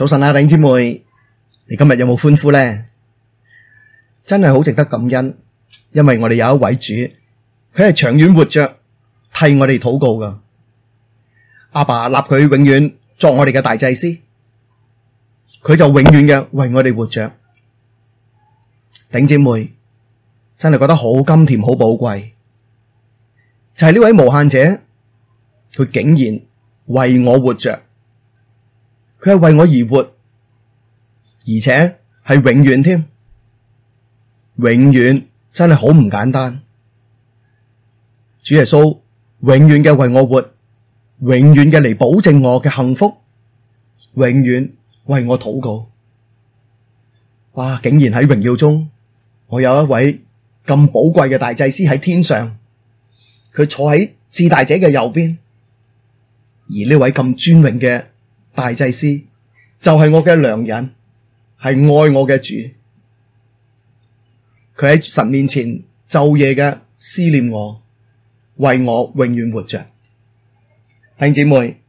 早晨啊，頂姐妹，你今日有冇歡呼呢？真係好值得感恩，因為我哋有一位主，佢係長遠活着替我哋禱告噶。阿爸立佢永遠作我哋嘅大祭司，佢就永遠嘅為我哋活着。頂姐妹真係覺得好甘甜，好寶貴，就係呢位無限者，佢竟然為我活着。佢係為我而活，而且係永遠添，永遠真係好唔簡單。主耶穌永遠嘅為我活，永遠嘅嚟，保證我嘅幸福，永遠為我禱告。哇！竟然喺榮耀中，我有一位咁寶貴嘅大祭司喺天上，佢坐喺至大者嘅右邊，而呢位咁尊榮嘅大祭司就係我嘅良人，係愛我嘅主。佢喺十年前晝夜嘅思念我，為我永遠活着。丁姐妹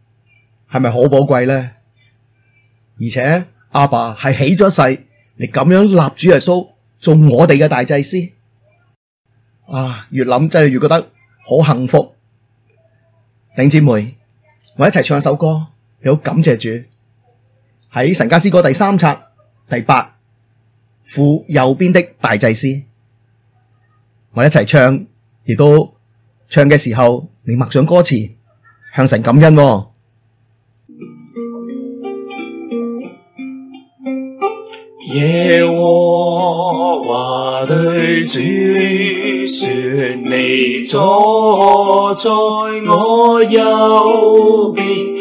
係咪好寶貴呢？而且阿爸係起咗誓，嚟咁樣立主耶穌做我哋嘅大祭司啊！越諗真係越覺得好幸福。丁姐妹，我一齊唱一首歌。你好，感謝主。喺神家詩歌第三冊第八，父右邊的大祭司，我一齊唱，亦都唱嘅時候，你默想歌詞，向神感恩、哦。耶和華對主說：你坐在我右邊。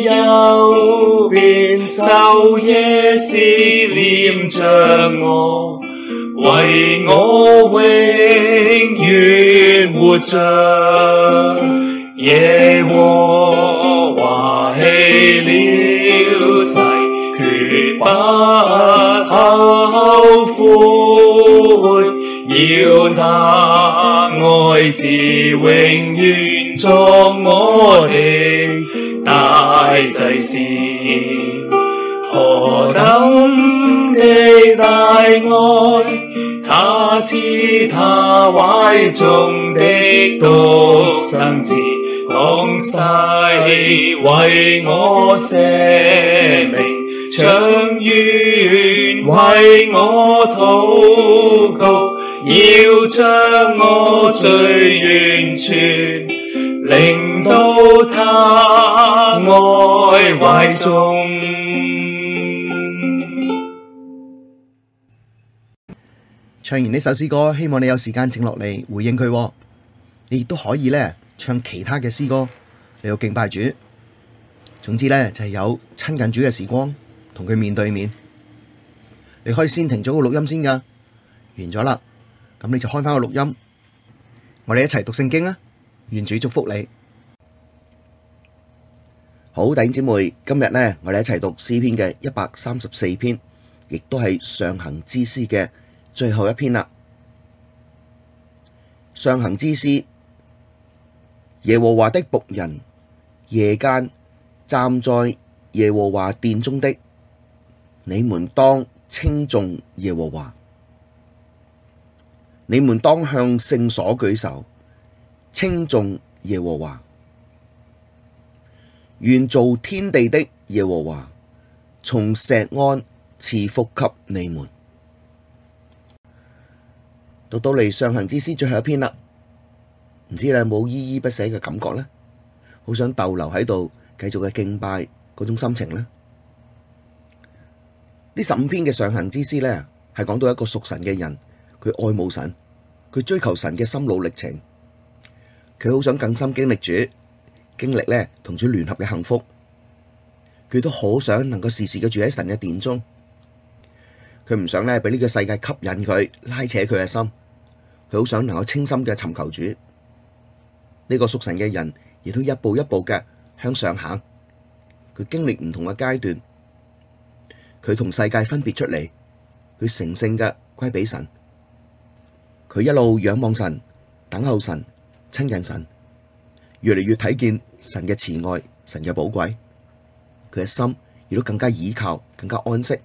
邊就邊晝夜思念着我，為我永遠活着。耶和華起了誓，決不後悔。要祂愛子永遠作我名。威濟時，何等的大愛，他賜他懷中的獨生子，降世為我捨命，長遠為我禱告，要將我最完全。令到他愛懷中。唱完呢首詩歌，希望你有時間靜落嚟回應佢。你亦都可以咧，唱其他嘅詩歌，你要敬拜主。總之咧就係、是、有親近主嘅時光，同佢面對面。你可以先停咗個錄音先噶，完咗啦，咁你就開翻個錄音，我哋一齊讀聖經啊！願主祝福你。好，弟兄姊妹，今日呢，我哋一齊讀詩篇嘅一百三十四篇，亦都係上行之詩嘅最後一篇啦。上行之詩，耶和華的僕人，夜間站在耶和華殿中的，你們當稱頌耶和華，你們當向聖所舉手。稱頌耶和華，願造天地的耶和華，從錫安賜福給你們。讀到嚟上行之詩最後一篇啦，唔知你有冇依依不捨嘅感覺咧？好想逗留喺度，繼續嘅敬拜嗰種心情咧。呢十五篇嘅上行之詩咧，係講到一個屬神嘅人，佢愛慕神，佢追求神嘅心路歷程。佢好想更深經歷主，經歷咧，同主聯合嘅幸福。佢都好想能夠時時嘅住喺神嘅殿中。佢唔想咧俾呢個世界吸引佢、拉扯佢嘅心。佢好想能夠清心嘅尋求主。呢個屬神嘅人，亦都一步一步嘅向上行。佢經歷唔同嘅階段，佢同世界分別出嚟，佢成聖嘅歸俾神。佢一路仰望神，等候神。親近神，越嚟越睇見神嘅慈愛、神嘅寶貴，佢嘅心亦都更加倚靠、更加安息。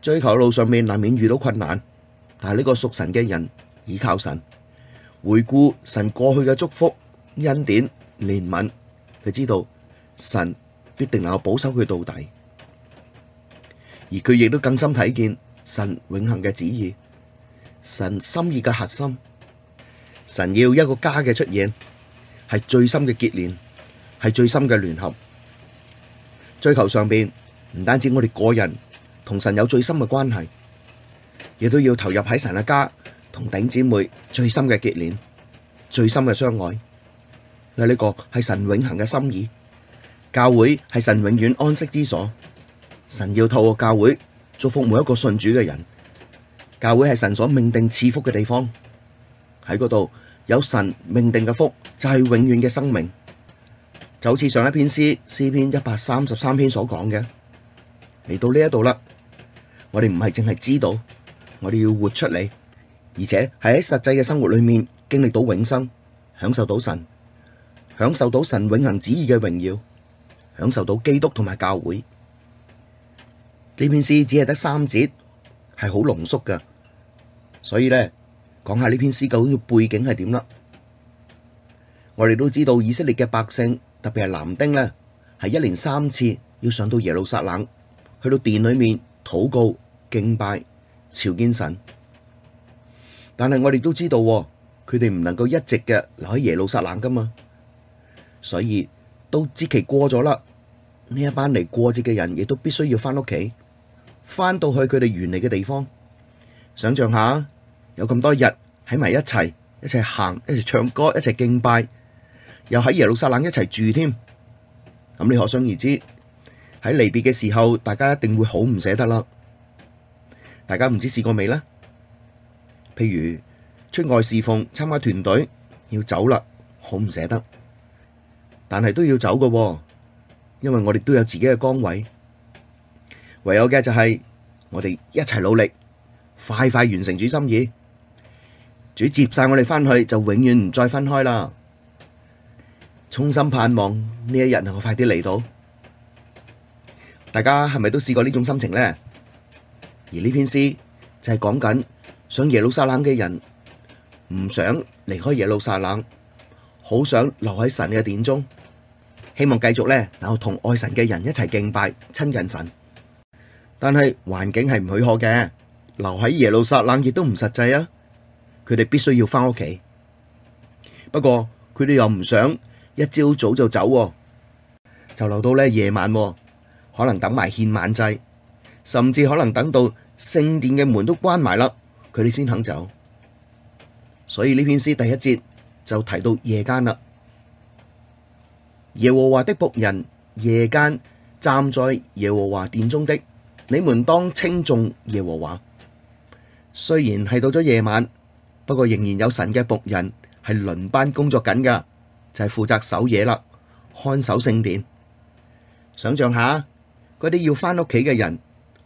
追求路上面難免遇到困難，但係呢個屬神嘅人倚靠神，回顧神過去嘅祝福、恩典、憐憫，佢知道神必定能夠保守佢到底，而佢亦都更深睇見神永恆嘅旨意、神心意嘅核心。神要一個家嘅出現，係最深嘅結連，係最深嘅聯合。追求上邊唔單止我哋個人同神有最深嘅關係，亦都要投入喺神嘅家，同頂姊妹最深嘅結連、最深嘅相愛。嗱，呢個係神永恒嘅心意。教會係神永遠安息之所。神要透過教會祝福每一個信主嘅人。教會係神所命定賜福嘅地方。喺嗰度。有神命定嘅福就係永遠嘅生命，就好似上一篇詩詩篇一百三十三篇所講嘅。嚟到呢一度啦，我哋唔係淨係知道，我哋要活出嚟，而且係喺實際嘅生活裏面經歷到永生，享受到神，享受到神永恒旨意嘅榮耀，享受到基督同埋教會。呢篇詩只係得三節，係好濃縮噶，所以咧。講下呢篇詩究竟嘅背景係點啦？我哋都知道以色列嘅百姓，特別係男丁咧，係一年三次要上到耶路撒冷去到殿裏面禱告、敬拜、朝見神。但係我哋都知道，佢哋唔能夠一直嘅留喺耶路撒冷噶嘛，所以到節期過咗啦，呢一班嚟過節嘅人亦都必須要翻屋企，翻到去佢哋原嚟嘅地方。想象下。有咁多日喺埋一齊，一齊行，一齊唱歌，一齊敬拜，又喺耶路撒冷一齊住添。咁你可想而知，喺離別嘅時候，大家一定會好唔捨得啦。大家唔知試過未呢？譬如出外侍奉、參加團隊要走啦，好唔捨得。但係都要走㗎，因為我哋都有自己嘅崗位。唯有嘅就係我哋一齊努力，快快完成主心意。主接晒我哋翻去，就永遠唔再分開啦。衷心盼望呢一日能夠快啲嚟到。大家係咪都試過呢種心情呢？而呢篇詩就係講緊想耶路撒冷嘅人，唔想離開耶路撒冷，好想留喺神嘅殿中，希望繼續呢能夠同愛神嘅人一齊敬拜親近神。但係環境係唔許可嘅，留喺耶路撒冷亦都唔實際啊！佢哋必須要翻屋企，不過佢哋又唔想一朝早就走，就留到呢夜晚，可能等埋獻晚祭，甚至可能等到聖殿嘅門都關埋啦，佢哋先肯走。所以呢篇詩第一節就提到夜間啦。耶和華的僕人夜間站在耶和華殿中的，你們當稱頌耶和華。雖然係到咗夜晚。不過仍然有神嘅僕人係輪班工作緊噶，就係負責守夜啦，看守聖殿。想象下，嗰啲要返屋企嘅人，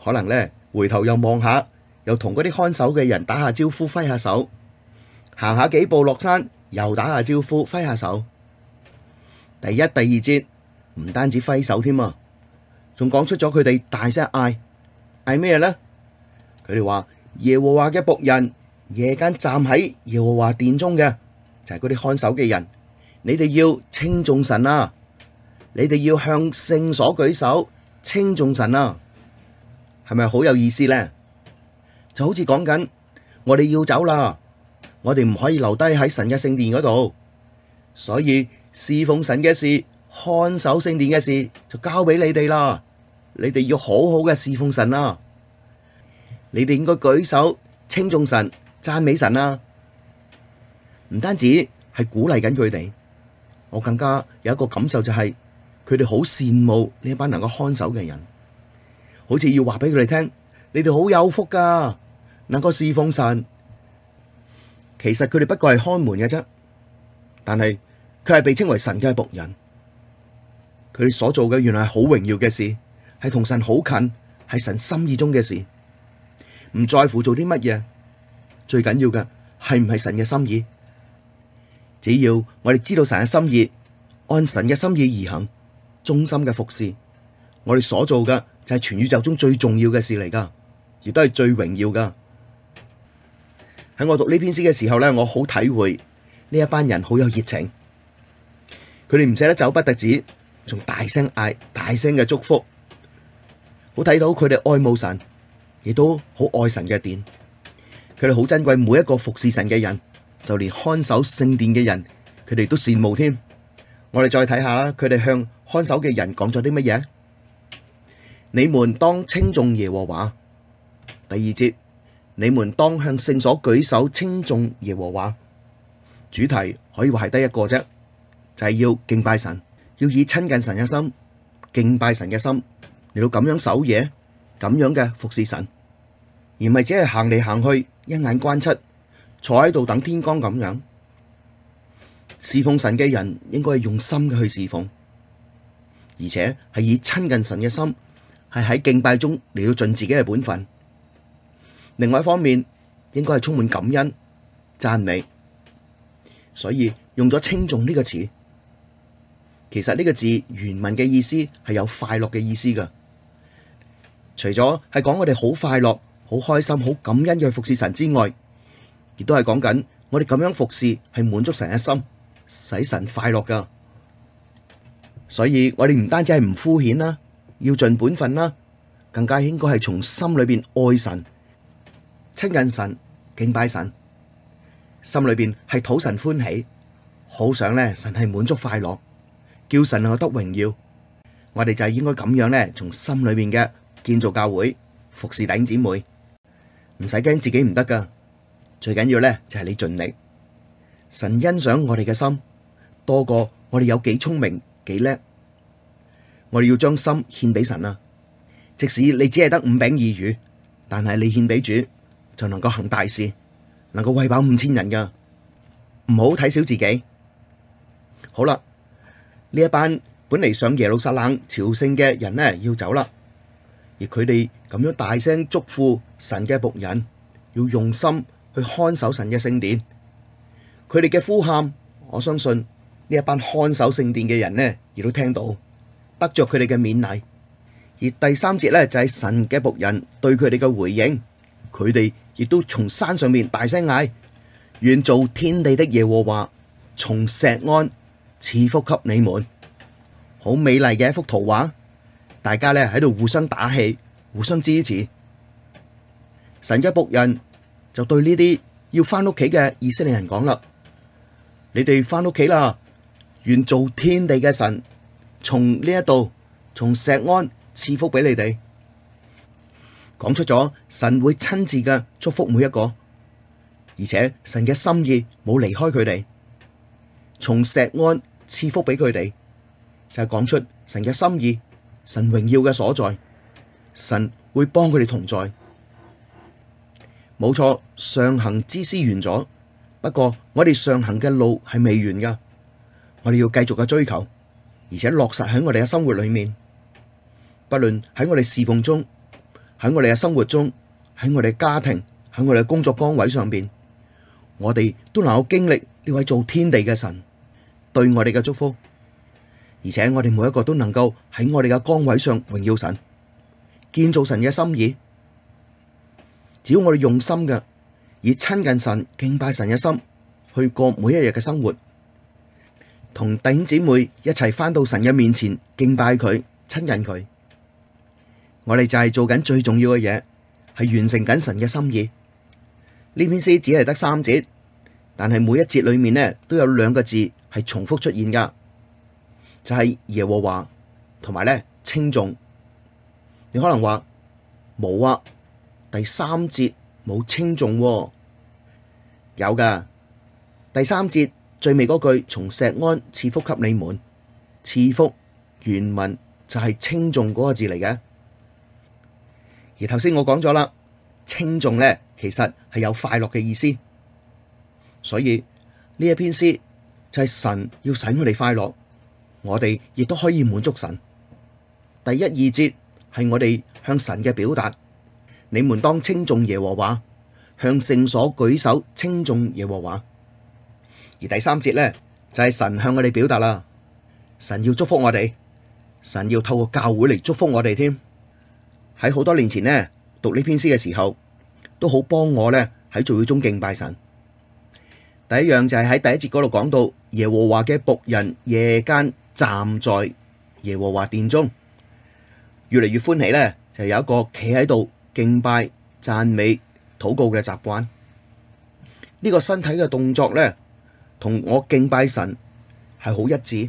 可能咧回頭又望下，又同嗰啲看守嘅人打下招呼，揮下手，行下幾步落山，又打下招呼，揮下手。第一、第二節唔單止揮手添啊，仲講出咗佢哋大聲嗌嗌咩咧？佢哋話耶和華嘅僕人。夜間站喺耶和華殿中嘅，就係嗰啲看守嘅人，你哋要稱頌神啊！你哋要向聖所舉手稱頌神啊！係咪好有意思咧？就好似講緊我哋要走啦，我哋唔可以留低喺神嘅聖殿嗰度，所以侍奉神嘅事、看守聖殿嘅事就交俾你哋啦。你哋要好好嘅侍奉神啊！你哋應該舉手稱頌神。讚美神啊！唔單止係鼓勵緊佢哋，我更加有一個感受就係，佢哋好羨慕呢一班能夠看守嘅人，好似要話俾佢哋聽，你哋好有福噶能夠侍奉神。其實佢哋不過係看門嘅啫，但係佢係被稱為神嘅僕人，佢哋所做嘅原來係好榮耀嘅事，係同神好近，係神心意中嘅事，唔在乎做啲乜嘢。最緊要嘅係唔係神嘅心意，只要我哋知道神嘅心意，按神嘅心意而行，忠心嘅服侍，我哋所做嘅就係全宇宙中最重要嘅事嚟噶，亦都係最榮耀噶。喺我讀呢篇詩嘅時候咧，我好體會呢一班人好有熱情，佢哋唔捨得走不特止，仲大聲嗌、大聲嘅祝福，好睇到佢哋愛慕神，亦都好愛神嘅點。佢哋好珍貴，每一個服侍神嘅人，就連看守聖殿嘅人，佢哋都羨慕添。我哋再睇下，佢哋向看守嘅人講咗啲乜嘢？你們當稱頌耶和華。第二節，你們當向聖所舉手稱頌耶和華。主題可以話係得一個啫，就係要敬拜神，要以親近神嘅心敬拜神嘅心嚟到咁樣守嘢，咁樣嘅服侍神，而唔係只係行嚟行去。一眼關七，坐喺度等天光咁樣侍奉神嘅人，應該係用心嘅去侍奉，而且係以親近神嘅心，係喺敬拜中嚟到盡自己嘅本分。另外一方面，應該係充滿感恩、讚美。所以用咗稱頌呢個詞，其實呢個字原文嘅意思係有快樂嘅意思噶。除咗係講我哋好快樂。好開心、好感恩嘅服侍神之外，亦都係講緊我哋咁樣服侍係滿足神嘅心，使神快樂噶。所以我哋唔單止係唔敷衍啦，要盡本分啦，更加應該係從心裏邊愛神、親近神、敬拜神，心裏邊係討神歡喜，好想咧神係滿足快樂，叫神去得榮耀。我哋就係應該咁樣咧，從心裏邊嘅建造教會、服侍弟兄姊妹。唔使驚自己唔得噶，最緊要咧就係你盡力。神欣賞我哋嘅心多過我哋有幾聰明幾叻，我哋要將心獻俾神啊！即使你只係得五餅二魚，但係你獻俾主就能夠行大事，能夠餵飽五千人噶。唔好睇小自己。好啦，呢一班本嚟想耶路撒冷朝聖嘅人呢，要走啦。而佢哋咁樣大聲囑咐神嘅僕人，要用心去看守神嘅聖殿。佢哋嘅呼喊，我相信呢一班看守聖殿嘅人呢，亦都聽到，得着佢哋嘅勉勵。而第三節呢，就係、是、神嘅僕人對佢哋嘅回應，佢哋亦都從山上面大聲嗌：願造天地的耶和華，從錫安賜福給你們。好美麗嘅一幅圖畫。大家咧喺度互相打氣，互相支持。神嘅僕人就對呢啲要返屋企嘅以色列人講啦：你哋返屋企啦，願造天地嘅神，從呢一度從錫安賜福俾你哋。講出咗神會親自嘅祝福每一個，而且神嘅心意冇離開佢哋，從錫安賜福俾佢哋，就係講出神嘅心意。神榮耀嘅所在，神會幫佢哋同在，冇錯。上行之詩完咗，不過我哋上行嘅路係未完噶，我哋要繼續嘅追求，而且落實喺我哋嘅生活裏面，不論喺我哋侍奉中，喺我哋嘅生活中，喺我哋嘅家庭，喺我哋嘅工作崗位上邊，我哋都能夠經歷呢位造天地嘅神對我哋嘅祝福。而且我哋每一個都能夠喺我哋嘅崗位上榮耀神，建造神嘅心意。只要我哋用心嘅，以親近神、敬拜神嘅心去過每一日嘅生活，同弟兄姊妹一齊返到神嘅面前敬拜佢、親近佢，我哋就係做緊最重要嘅嘢，係完成緊神嘅心意。呢篇詩只係得三節，但係每一節裏面呢都有兩個字係重複出現噶。就係耶和華同埋咧，稱頌。你可能話冇啊，第三節冇稱頌，有噶。第三節最尾嗰句，從錫安賜福給你們，賜福原文就係稱頌嗰個字嚟嘅。而頭先我講咗啦，稱頌呢咧其實係有快樂嘅意思，所以呢一篇詩就係神要使我哋快樂。我哋亦都可以滿足神。第一二節係我哋向神嘅表達，你們當稱頌耶和華，向聖所舉手稱頌耶和華。而第三節呢，就係、是、神向我哋表達啦，神要祝福我哋，神要透過教會嚟祝福我哋添。喺好多年前呢，讀呢篇詩嘅時候，都好幫我呢喺聚會中敬拜神。第一樣就係喺第一節嗰度講到耶和華嘅僕人夜間。站在耶和華殿中，越嚟越歡喜咧，就有一個企喺度敬拜、讚美、禱告嘅習慣。呢、這個身體嘅動作咧，同我敬拜神係好一致，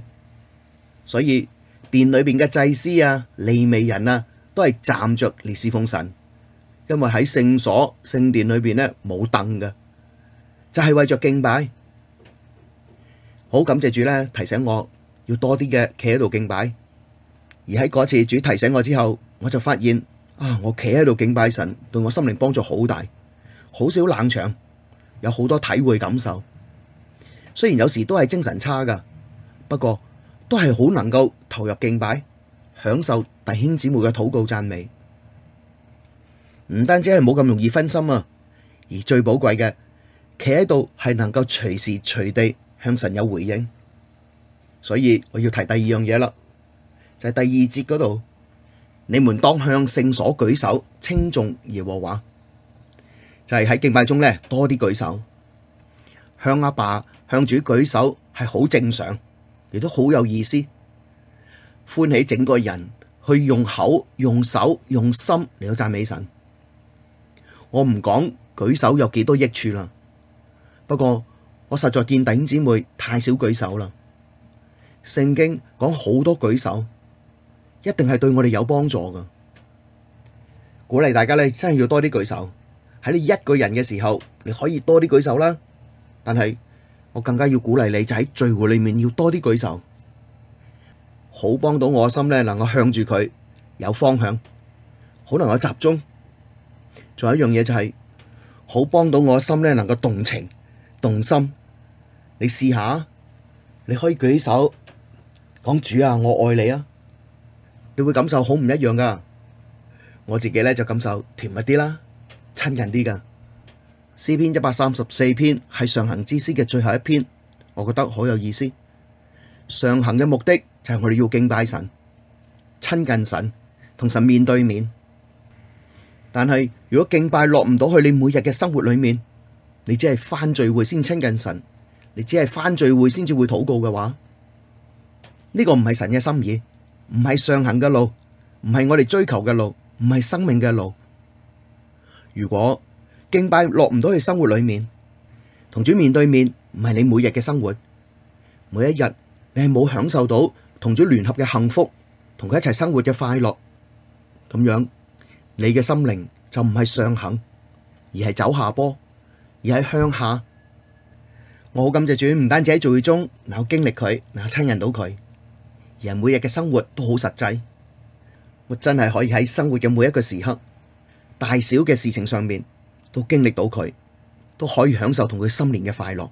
所以殿裏邊嘅祭司啊、利未人啊，都係站着嚟事奉神，因為喺聖所聖殿裏邊咧冇凳嘅，就係、是、為着敬拜。好感謝主咧，提醒我。要多啲嘅企喺度敬拜，而喺嗰次主提醒我之後，我就發現啊，我企喺度敬拜神，對我心靈幫助好大，好少冷場，有好多體會感受。雖然有時都係精神差噶，不過都係好能夠投入敬拜，享受弟兄姊妹嘅禱告讚美。唔單止係冇咁容易分心啊，而最寶貴嘅，企喺度係能夠隨時隨地向神有回應。所以我要提第二樣嘢啦，就係、是、第二節嗰度，你們當向聖所舉手稱頌耶和華，就係、是、喺敬拜中呢，多啲舉手向阿爸向主舉手係好正常，亦都好有意思，歡喜整個人去用口、用手、用心嚟到讚美神。我唔講舉手有幾多益處啦，不過我實在見弟兄姊妹太少舉手啦。聖經講好多舉手，一定係對我哋有幫助㗎。鼓勵大家咧，真係要多啲舉手。喺你一個人嘅時候，你可以多啲舉手啦。但係我更加要鼓勵你，就喺聚會裏面要多啲舉手，好幫到我心咧，能夠向住佢有方向，好能夠集中。仲有一樣嘢就係、是，好幫到我心咧，能夠動情、動心。你試下，你可以舉手。講，主啊，我愛你啊，你會感受好唔一樣噶。我自己咧就感受甜蜜啲啦，親近啲噶。詩篇一百三十四篇係上行之詩嘅最後一篇，我覺得好有意思。上行嘅目的就係我哋要敬拜神，親近神，同神面對面。但係如果敬拜落唔到去你每日嘅生活裏面，你只係返聚會先親近神，你只係返聚會先至會禱告嘅話。呢個唔係神嘅心意，唔係上行嘅路，唔係我哋追求嘅路，唔係生命嘅路。如果敬拜落唔到去生活裏面，同主面對面唔係你每日嘅生活，每一日你係冇享受到同主聯合嘅幸福，同佢一齊生活嘅快樂，咁樣你嘅心靈就唔係上行，而係走下坡，而係向下。我好感謝主，唔單止喺聚會中能夠經歷佢，能夠親近到佢。人每日嘅生活都好實際，我真係可以喺生活嘅每一個時刻，大小嘅事情上面都經歷到佢，都可以享受同佢心靈嘅快樂。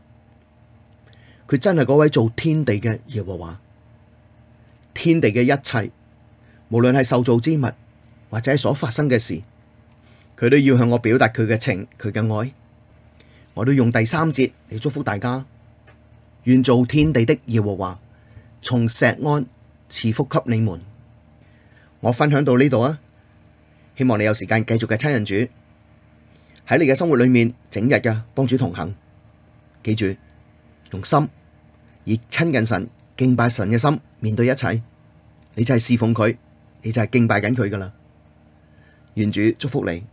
佢真係嗰位造天地嘅耶和華，天地嘅一切，無論係受造之物或者所發生嘅事，佢都要向我表達佢嘅情、佢嘅愛。我都用第三節嚟祝福大家，願造天地的耶和華，從錫安。賜福給你們，我分享到呢度啊！希望你有時間繼續嘅親近主，喺你嘅生活裏面整日嘅幫主同行。記住，用心以親近神、敬拜神嘅心面對一切，你就係侍奉佢，你就係敬拜緊佢噶啦。願主祝福你。